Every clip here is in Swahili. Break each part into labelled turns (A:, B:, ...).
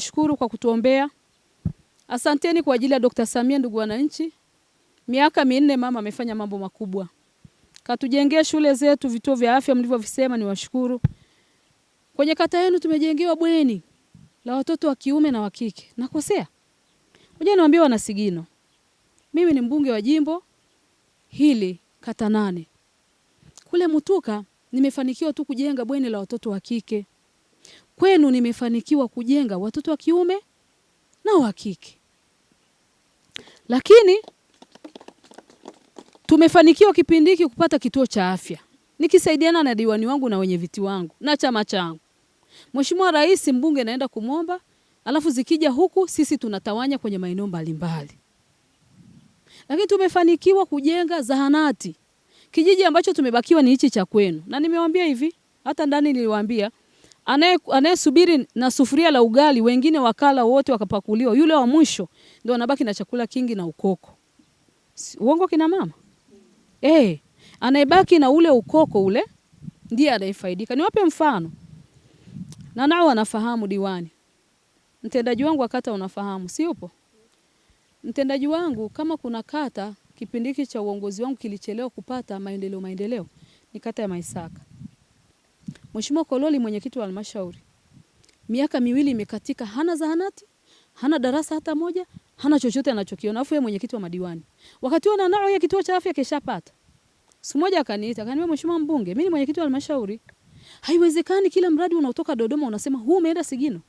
A: Shukuru kwa kutuombea. Asanteni kwa ajili ya Dr. Samia. Ndugu wananchi, miaka minne mama amefanya mambo makubwa, katujengea shule zetu, vituo vya afya mlivyovisema, ni washukuru. Kwenye kata yenu tumejengewa bweni la watoto wa kiume na wa kike. Nakosea? Ngoja niwaambie wana Sigino, mimi ni mbunge wa jimbo hili kata nane. Kule Mutuka nimefanikiwa tu kujenga bweni la watoto wa kike Kwenu nimefanikiwa kujenga watoto wa kiume na wa kike, lakini tumefanikiwa kipindi hiki kupata kituo cha afya nikisaidiana na diwani wangu na wenye viti wangu na chama changu. Mheshimiwa Rais, mbunge naenda kumwomba, alafu zikija huku sisi tunatawanya kwenye maeneo mbalimbali. Lakini tumefanikiwa kujenga zahanati kijiji ambacho tumebakiwa ni hichi cha kwenu, na nimewambia hivi, hata ndani niliwaambia Anayesubiri na sufuria la ugali, wengine wakala wote wakapakuliwa, yule wa mwisho ndo anabaki na chakula kingi na ukoko. Uongo kina mama eh? Anayebaki na ule ukoko ule ndiye anayefaidika. Niwape mfano, na nao wanafahamu, diwani, mtendaji wangu wa kata unafahamu, si upo? Mtendaji wangu kama kuna kata kipindi hiki cha uongozi wangu kilichelewa kupata maendeleo, maendeleo ni kata ya Maisaka. Mheshimiwa Kololi, mwenyekiti wa halmashauri, miaka miwili imekatika, hana zahanati, hana darasa hata moja, hana chochote anachokiona, afu yeye mwenyekiti wa madiwani. Wakati huo nanao yeye kituo cha afya kishapata. Siku moja akaniita, akaniambia mheshimiwa mbunge, mimi ni mwenyekiti wa halmashauri. Haiwezekani kila mradi unaotoka Dodoma unasema huu umeenda Sigino.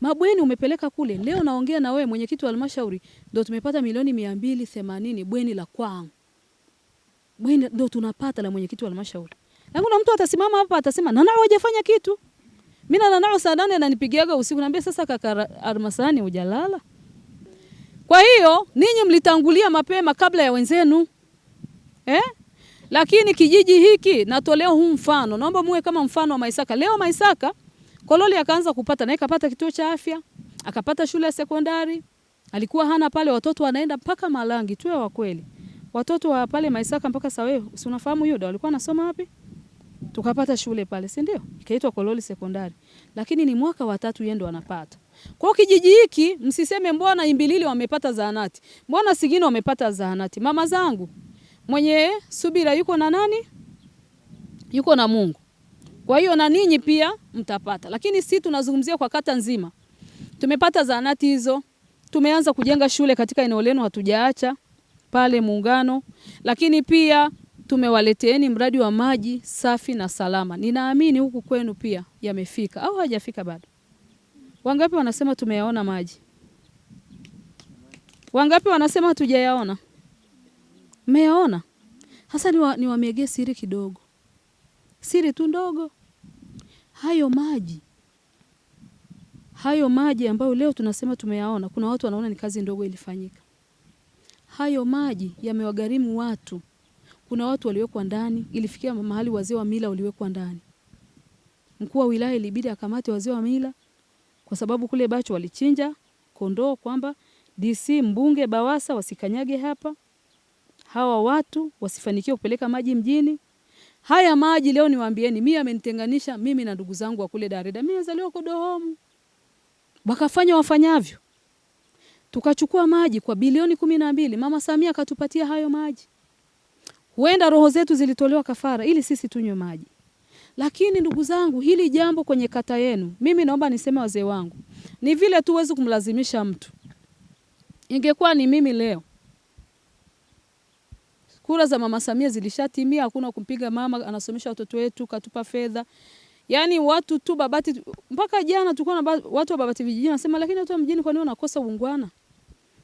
A: Mabweni umepeleka kule. Leo naongea na wewe mwenyekiti wa halmashauri, ndio tumepata milioni 280 bweni la kwangu. Bweni ndio tunapata la mwenyekiti wa halmashauri. Yaani na mtu atasimama hapa atasema Nanau hajafanya kitu. Mimi na Nanau saa nane ananipigiaga usiku naambia sasa kaka Almasani hujalala. Kwa hiyo ninyi mlitangulia mapema kabla ya wenzenu. Eh? Lakini kijiji hiki natolea huu mfano. Naomba muwe kama mfano wa Maisaka. Leo Maisaka Kololi akaanza kupata na ikapata kituo cha afya, akapata shule ya sekondari. Alikuwa hana pale watoto wanaenda mpaka Malangi tu wa kweli. Watoto wa pale Maisaka mpaka sawe, si unafahamu Yuda walikuwa wanasoma wapi? tukapata shule pale, si ndio? Ikaitwa Kololi Sekondari, lakini ni mwaka wa tatu yeye ndo anapata. Kwa kijiji hiki msiseme mbona Imbilili wamepata zahanati, mbona Sigino wamepata zahanati. Mama zangu, mwenye subira yuko na nani? Yuko na Mungu. Kwa hiyo na ninyi pia mtapata, lakini si tunazungumzia kwa kata nzima. Tumepata zahanati hizo, tumeanza kujenga shule katika eneo lenu, hatujaacha pale Muungano, lakini pia tumewaleteeni mradi wa maji safi na salama. Ninaamini huku kwenu pia yamefika au hajafika bado? Wangapi wanasema tumeyaona maji? Wangapi wanasema hatujayaona? Mmeyaona? Hasa niwamegee ni siri kidogo, siri tu ndogo. Hayo maji hayo maji ambayo leo tunasema tumeyaona, kuna watu wanaona ni kazi ndogo ilifanyika. Hayo maji yamewagharimu watu kuna watu waliwekwa ndani. Ilifikia mahali wazee wa mila waliwekwa ndani. Mkuu wa wilaya ilibidi akamate wazee wa mila, kwa sababu kule Bacho walichinja kondoo, kwamba DC mbunge Bawasa wasikanyage hapa, hawa watu wasifanikiwe kupeleka maji mjini. Haya maji leo niwaambieni, mimi amenitenganisha mimi na ndugu zangu wa kule Dareda. Mimi nazaliwa Kodohomu, wakafanya wafanyavyo, tukachukua maji kwa bilioni kumi na mbili. Mama Samia akatupatia hayo maji. Huenda roho zetu zilitolewa kafara ili sisi tunywe maji. Lakini ndugu zangu, hili jambo kwenye kata yenu, mimi naomba niseme wazee wangu, ni vile tu huwezi kumlazimisha mtu. Ingekuwa ni mimi leo, kura za mama Samia zilishatimia, hakuna kumpiga mama, anasomesha watoto wetu, katupa fedha. Yaani watu tu Babati, mpaka jana tulikuwa na watu wa Babati vijijini nasema, lakini watu wa mjini kwa nini wanakosa uungwana?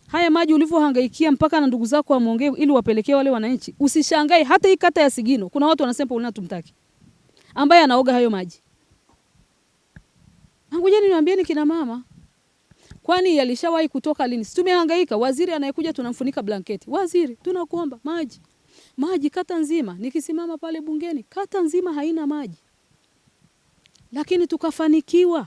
A: haya maji ulivyohangaikia mpaka na ndugu zako amwongee ili wapelekee wale wananchi, usishangae hata hii kata ya Sigino kuna watu wanasema Paulina tumtaki, ambaye anaoga hayo maji. Angojeni niwaambieni kina mama, kwani yalishawahi kutoka lini? Si Tumehangaika, waziri anayekuja tunamfunika blanketi. Waziri, tunakuomba maji, maji kata nzima. Nikisimama pale bungeni, kata nzima haina maji, lakini tukafanikiwa.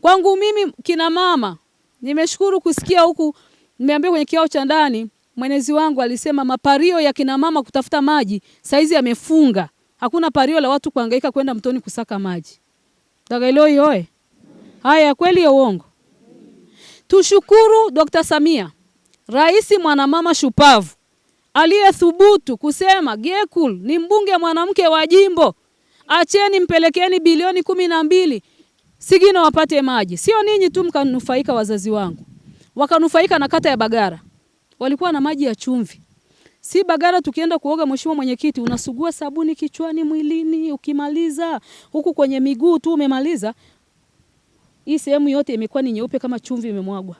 A: Kwangu mimi, kina mama, nimeshukuru kusikia huku Nimeambiwa kwenye kiao cha ndani mwenezi wangu alisema mapario ya kina mama kutafuta maji saizi yamefunga. Hakuna pario la watu kuhangaika kwenda mtoni kusaka maji. Dagailo yoe. Haya kweli ya uongo. Tushukuru Dr. Samia, Rais mwanamama shupavu aliyethubutu kusema Gekul ni mbunge mwanamke wa jimbo, acheni mpelekeni bilioni kumi na mbili sigino wapate maji, sio ninyi tu mkanufaika, wazazi wangu wakanufaika na kata ya Bagara, walikuwa na maji ya chumvi. Si Bagara tukienda kuoga, mheshimiwa mwenyekiti, unasugua sabuni kichwani, mwilini, ukimaliza huku kwenye miguu tu umemaliza, hii sehemu yote imekuwa ni nyeupe kama chumvi imemwagwa.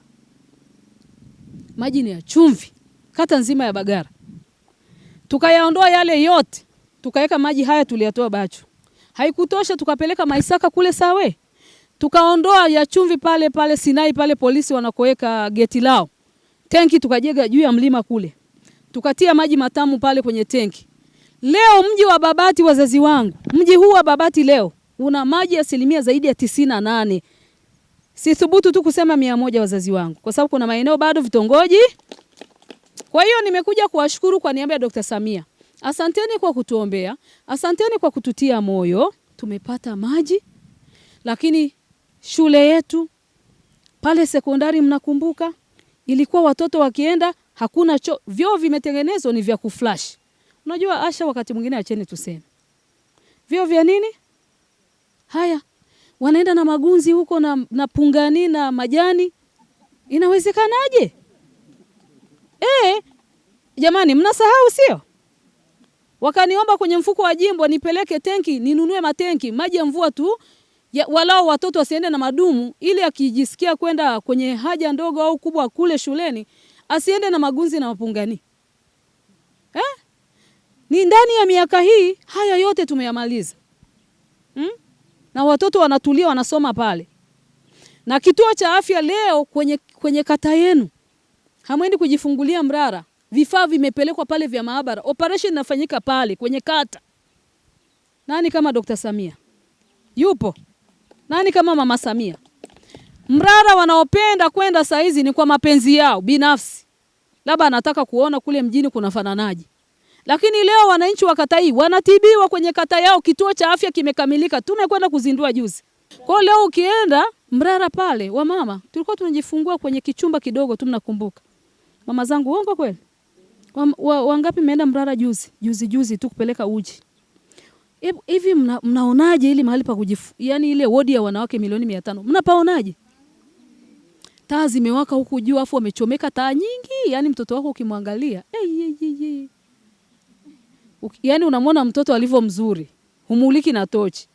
A: Maji ni ya chumvi, kata nzima ya Bagara. Tukayaondoa yale yote, tukaweka maji haya tuliyatoa Bachu. Haikutosha, tukapeleka Maisaka kule Sawe tukaondoa ya chumvi pale pale Sinai pale polisi wanakoweka geti lao, tenki tukajega juu ya mlima kule, tukatia maji matamu pale kwenye tenki. Leo mji wa Babati, wazazi wangu, mji huu wa Babati leo una maji asilimia zaidi ya tisini na nane. Sithubutu tu kusema mia moja, wazazi wangu, kwa sababu kuna maeneo bado vitongoji. Kwa hiyo nimekuja kuwashukuru kwa niaba ya Dr. Samia, asanteni kwa kutuombea, asanteni kwa kututia moyo, tumepata maji lakini shule yetu pale sekondari, mnakumbuka ilikuwa watoto wakienda hakuna cho, vyoo vimetengenezwa ni vya kuflash. Unajua Asha, wakati mwingine acheni tuseme vyoo vya nini haya, wanaenda na magunzi huko na, na pungani na majani, inawezekanaje? E, jamani mnasahau sio? Wakaniomba kwenye mfuko wa jimbo nipeleke tenki ninunue matenki maji ya mvua tu ya, walao watoto wasiende na madumu ili akijisikia kwenda kwenye haja ndogo au kubwa kule shuleni asiende na magunzi na mapungani eh? Ni ndani ya miaka hii haya yote tumeyamaliza hmm? Na watoto wanatulia wanasoma pale, na kituo cha afya leo kwenye, kwenye kata yenu hamwendi kujifungulia Mrara, vifaa vimepelekwa pale vya maabara, operation inafanyika pale kwenye kata. Nani kama Dr. Samia yupo? Nani kama Mama Samia? Mrara wanaopenda kwenda saizi ni kwa mapenzi yao binafsi, labda anataka kuona kule mjini fananaji. Lakini leo wananchi wa kata hii wanatibiwa kwenye kata yao, kituo cha afya kimekamilika, tumekwenda kuzindua juzi. Kwa leo ukienda Mrara pale wa mama, tulikuwa tunajifungua kwenye kichumba kidogo tu, mnakumbuka mama zangu, uongo kweli? Wangapi meenda Mrara juzi juzi juzi tu kupeleka uji hivi mna, mnaonaje ili mahali pa kujifu, yani ile wodi ya wanawake milioni mia tano mnapaonaje? Taa zimewaka huku juu, afu wamechomeka taa nyingi, yani mtoto wako ukimwangalia hey, hey, hey, hey. Yani unamwona mtoto alivyo mzuri, humuliki na tochi.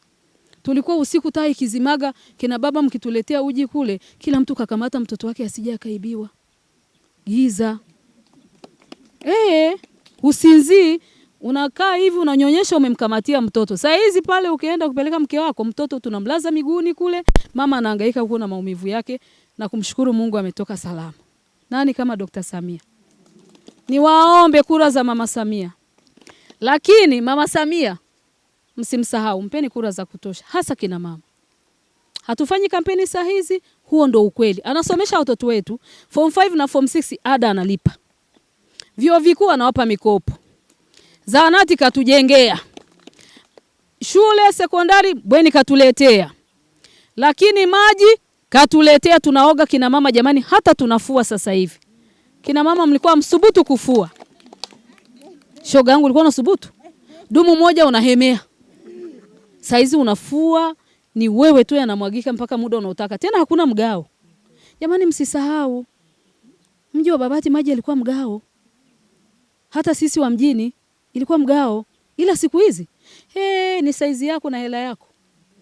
A: Tulikuwa usiku taa ikizimaga, kina baba mkituletea uji kule, kila mtu kakamata mtoto wake asije akaibiwa. Giza eh, usinzii unakaa hivi unanyonyesha, umemkamatia mtoto. Saa hizi pale ukienda kupeleka mke wako, mtoto tunamlaza miguuni kule, mama anahangaika huko na maumivu yake, na kumshukuru Mungu ametoka salama. Nani kama Dr. Samia? Niwaombe kura za mama Samia, lakini mama Samia msimsahau, mpeni kura za kutosha, hasa kina mama. Hatufanyi kampeni saa hizi, huo ndo ukweli. Anasomesha watoto wetu form 5 na form 6, ada analipa, vyuo vikuu anawapa mikopo zahanati katujengea, shule sekondari bweni katuletea, lakini maji katuletea, tunaoga kina mama. Jamani, hata tunafua sasa hivi. Kina mama, mlikuwa msubutu kufua? Shoga yangu ulikuwa unasubutu? Dumu moja unahemea, saizi unafua ni wewe tu, yanamwagika mpaka muda unaotaka tena, hakuna mgao. Jamani, msisahau mji wa Babati maji yalikuwa mgao, hata sisi wa mjini ilikuwa mgao, ila siku hizi hey, ni saizi yako na hela yako.